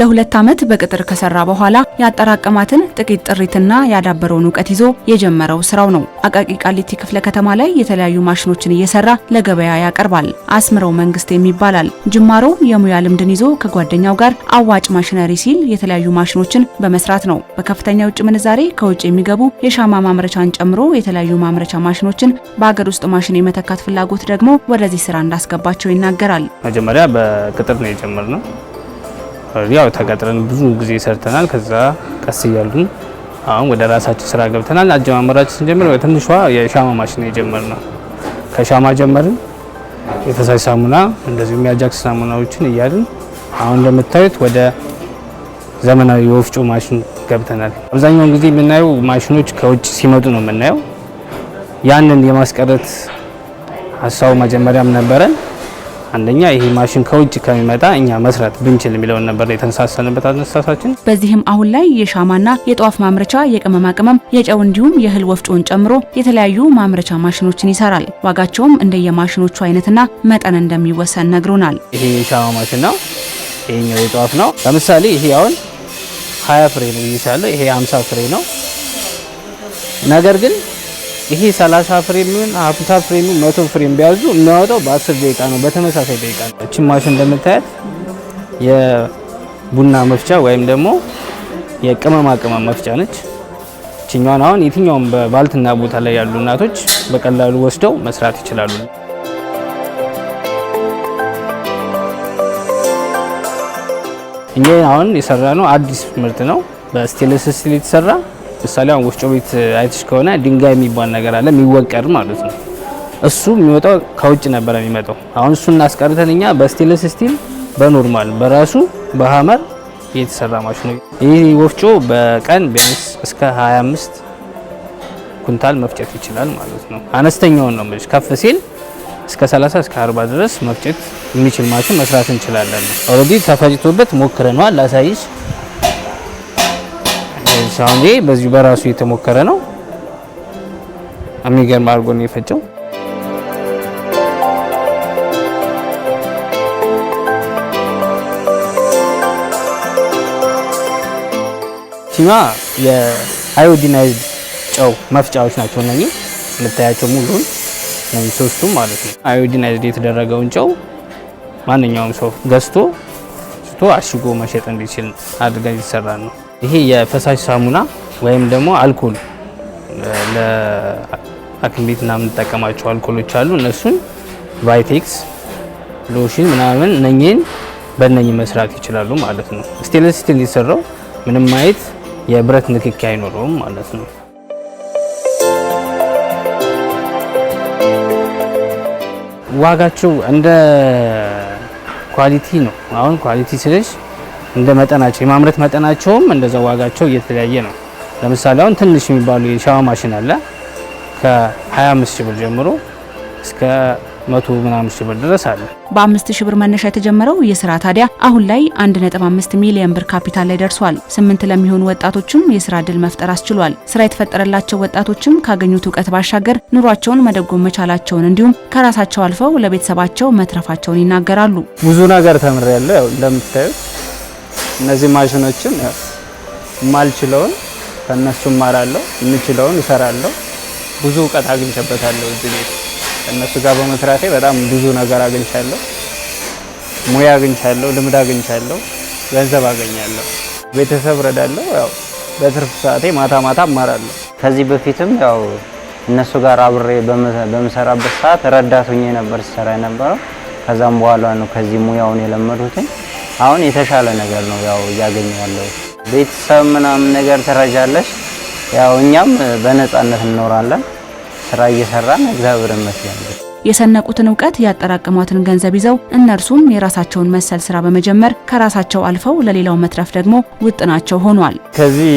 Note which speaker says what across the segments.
Speaker 1: ለሁለት ዓመት በቅጥር ከሰራ በኋላ ያጠራቀማትን ጥቂት ጥሪትና ያዳበረውን እውቀት ይዞ የጀመረው ስራው ነው። አቃቂ ቃሊቲ ክፍለ ከተማ ላይ የተለያዩ ማሽኖችን እየሰራ ለገበያ ያቀርባል። አስምረው መንግስት የሚባላል። ጅማሮ የሙያ ልምድን ይዞ ከጓደኛው ጋር አዋጭ ማሽነሪ ሲል የተለያዩ ማሽኖችን በመስራት ነው። በከፍተኛ ውጭ ምንዛሬ ከውጭ የሚገቡ የሻማ ማምረቻን ጨምሮ የተለያዩ ማምረቻ ማሽኖችን በአገር ውስጥ ማሽን የመተካት ፍላጎት ደግሞ ወደዚህ ስራ እንዳስገባቸው ይናገራል።
Speaker 2: መጀመሪያ በቅጥር ነው የጀመርነው። ያው ተቀጥረን ብዙ ጊዜ ሰርተናል። ከዛ ቀስ እያሉን አሁን ወደ ራሳችን ስራ ገብተናል። አጀማመራችን ስንጀምር በትንሿ የሻማ ማሽን የጀመር ከሻማ ጀመርን። የፈሳሽ ሳሙና እንደዚሁም የአጃክስ ሳሙናዎችን እያልን አሁን እንደምታዩት ወደ ዘመናዊ የወፍጮ ማሽን ገብተናል። አብዛኛውን ጊዜ የምናየው ማሽኖች ከውጭ ሲመጡ ነው የምናየው። ያንን የማስቀረት ሀሳቡ መጀመሪያም ነበረን። አንደኛ ይሄ ማሽን ከውጭ ከሚመጣ እኛ መስራት ብንችል የሚለውን ነበር የተነሳሰንበት አነሳሳችን።
Speaker 1: በዚህም አሁን ላይ የሻማና የጧፍ ማምረቻ፣ የቅመማ ቅመም፣ የጨው እንዲሁም የእህል ወፍጮን ጨምሮ የተለያዩ ማምረቻ ማሽኖችን ይሰራል። ዋጋቸውም እንደየማሽኖቹ አይነትና መጠን እንደሚወሰን ነግሮናል።
Speaker 2: ይሄ የሻማ ማሽን ነው። ይሄኛው የጧፍ ነው። ለምሳሌ ይሄ አሁን 20 ፍሬ ነው ይይዛል። ይሄ 50 ፍሬ ነው ነገር ግን ይሄ 30 ፍሬም ይሁን 50 ፍሬም ይሁን 100 ፍሬም ቢያዙ የሚያወጣው በ10 ደቂቃ ነው፣ በተመሳሳይ ደቂቃ ነው። እቺ ማሽን እንደምታያት የቡና መፍጫ ወይም ደግሞ የቅመማ ቅመም መፍጫ ነች። እችኛዋን አሁን የትኛውም በባልትና ቦታ ላይ ያሉ እናቶች በቀላሉ ወስደው መስራት ይችላሉ። እኛ አሁን የሰራ ነው አዲስ ምርት ነው። በስቴንለስ ስቲል የተሰራ ምሳሌ አሁን ወፍጮ ቤት አይተሽ ከሆነ ድንጋይ የሚባል ነገር አለ የሚወቀር ማለት ነው። እሱ የሚወጣው ከውጭ ነበር የሚመጣው። አሁን እሱ አስቀርተን እኛ በስቴንለስ ስቲል በኖርማል በራሱ በሀመር የተሰራ ማሽን ነው። ይህ ወፍጮ በቀን ቢያንስ እስከ 25 ኩንታል መፍጨት ይችላል ማለት ነው። አነስተኛውን ነው ማለት ከፍ ሲል እስከ 30 እስከ 40 ድረስ መፍጨት የሚችል ማሽን መስራት እንችላለን። ኦልሬዲ ተፈጭቶበት ሞክረነዋል ላሳይሽ አሁን ይሄ በዚሁ በራሱ የተሞከረ ነው። የሚገርም አድርጎ ነው የፈጨው። ቲማ የአዮዲናይዝድ ጨው መፍጫዎች ናቸው እነኚህ የምታያቸው ሙሉን ሶስቱም ማለት ነው። አዮዲናይዝድ የተደረገውን ጨው ማንኛውም ሰው ገዝቶ ስቶ አሽጎ መሸጥ እንዲችል አድርገን ይሰራ ነው። ይሄ የፈሳሽ ሳሙና ወይም ደግሞ አልኮል ለአክም ቤት እና የምንጠቀማቸው አልኮሎች አሉ። እነሱን ቫይቴክስ ሎሽን ምናምን ነኝን በነኝ መስራት ይችላሉ ማለት ነው። ስቴንለስ ስቲል የሰራው ምንም ማየት የብረት ንክኪ አይኖረውም ማለት ነው። ዋጋቸው እንደ ኳሊቲ ነው። አሁን ኳሊቲ ስለሽ እንደ መጠናቸው የማምረት መጠናቸውም እንደዛ ዋጋቸው እየተለያየ ነው። ለምሳሌ አሁን ትንሽ የሚባሉ የሻዋ ማሽን አለ ከ25 ሺህ ብር ጀምሮ እስከ መቶ ምናምን ሺህ ብር ድረስ አለ።
Speaker 1: በአምስት ሺህ ብር መነሻ የተጀመረው ይህ ስራ ታዲያ አሁን ላይ 1.5 ሚሊዮን ብር ካፒታል ላይ ደርሷል። ስምንት ለሚሆኑ ወጣቶችም የስራ እድል መፍጠር አስችሏል። ስራ የተፈጠረላቸው ወጣቶችም ካገኙት እውቀት ባሻገር ኑሯቸውን መደጎም መቻላቸውን እንዲሁም ከራሳቸው አልፈው ለቤተሰባቸው መትረፋቸውን ይናገራሉ።
Speaker 2: ብዙ ነገር ተምሬያለሁ። ያው እንደምታዩት እነዚህ ማሽኖችን ማልችለውን ከእነሱ እማራለሁ፣ የምችለውን እሰራለሁ። ብዙ እውቀት አግኝቼበታለሁ። እዚህ ቤት ከእነሱ ጋር በመስራቴ በጣም ብዙ ነገር አግኝቻለሁ። ሙያ አግኝቻለሁ፣ ልምድ አግኝቻለሁ፣ ገንዘብ አገኛለሁ፣ ቤተሰብ ረዳለሁ። ያው በትርፍ ሰዓቴ ማታ ማታ እማራለሁ። ከዚህ በፊትም ያው እነሱ ጋር አብሬ በምሰራበት ሰዓት ረዳት ሆኜ ነበር ሲሰራ የነበረው። ከዛም በኋላ ነው ከዚህ ሙያውን የለመዱትኝ። አሁን የተሻለ ነገር ነው ያው እያገኘ ያለው ቤተሰብ ምናምን ነገር ትረጃለሽ። ያው እኛም በነፃነት እንኖራለን ስራ እየሰራን እግዚአብሔር ይመስገን።
Speaker 1: የሰነቁትን እውቀት ያጠራቀሟትን ገንዘብ ይዘው እነርሱም የራሳቸውን መሰል ስራ በመጀመር ከራሳቸው አልፈው ለሌላው መትረፍ ደግሞ ውጥናቸው ሆኗል።
Speaker 2: ከዚህ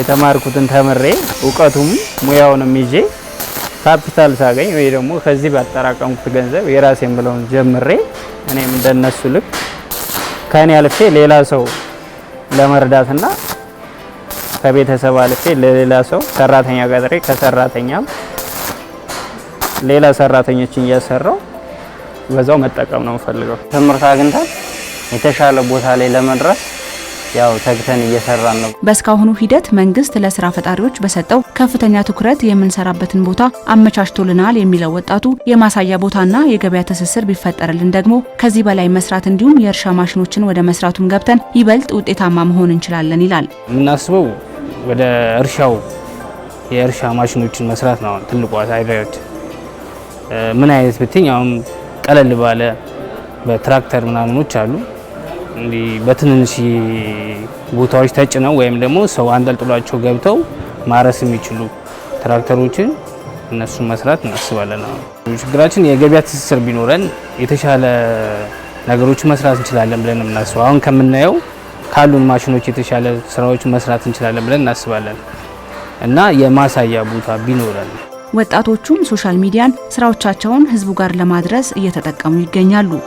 Speaker 2: የተማርኩትን ተምሬ እውቀቱም ሙያውንም ይዤ ካፒታል ሳገኝ ወይ ደግሞ ከዚህ ባጠራቀምኩት ገንዘብ የራሴን ብለውን ጀምሬ እኔም እንደነሱ ልክ ከእኔ አልፌ ሌላ ሰው ለመርዳትና ከቤተሰብ አልፌ ለሌላ ሰው ሰራተኛ ቀጥሬ ከሰራተኛም ሌላ ሰራተኞችን እያሰራው በዛው መጠቀም ነው የምፈልገው። ትምህርት አግኝታ የተሻለ ቦታ ላይ ለመድረስ ያው ተግተን እየሰራን ነው።
Speaker 1: በእስካሁኑ ሂደት መንግስት ለስራ ፈጣሪዎች በሰጠው ከፍተኛ ትኩረት የምንሰራበትን ቦታ አመቻችቶልናል የሚለው ወጣቱ የማሳያ ቦታና የገበያ ትስስር ቢፈጠርልን ደግሞ ከዚህ በላይ መስራት እንዲሁም የእርሻ ማሽኖችን ወደ መስራቱም ገብተን ይበልጥ ውጤታማ መሆን እንችላለን ይላል።
Speaker 2: የምናስበው ወደ እርሻው የእርሻ ማሽኖችን መስራት ነው። ትልቁ አይዲያዎች ምን አይነት ብትኝ አሁን ቀለል ባለ በትራክተር ምናምኖች አሉ በትንንሽ ቦታዎች ተጭነው ወይም ደግሞ ሰው አንጠልጥሏቸው ገብተው ማረስ የሚችሉ ትራክተሮችን እነሱን መስራት እናስባለን። ችግራችን የገበያ ትስስር ቢኖረን የተሻለ ነገሮችን መስራት እንችላለን ብለን የምናስበው አሁን ከምናየው ካሉን ማሽኖች የተሻለ ስራዎች መስራት እንችላለን ብለን እናስባለን እና የማሳያ ቦታ ቢኖረን
Speaker 1: ወጣቶቹም ሶሻል ሚዲያን ስራዎቻቸውን ህዝቡ ጋር ለማድረስ እየተጠቀሙ ይገኛሉ።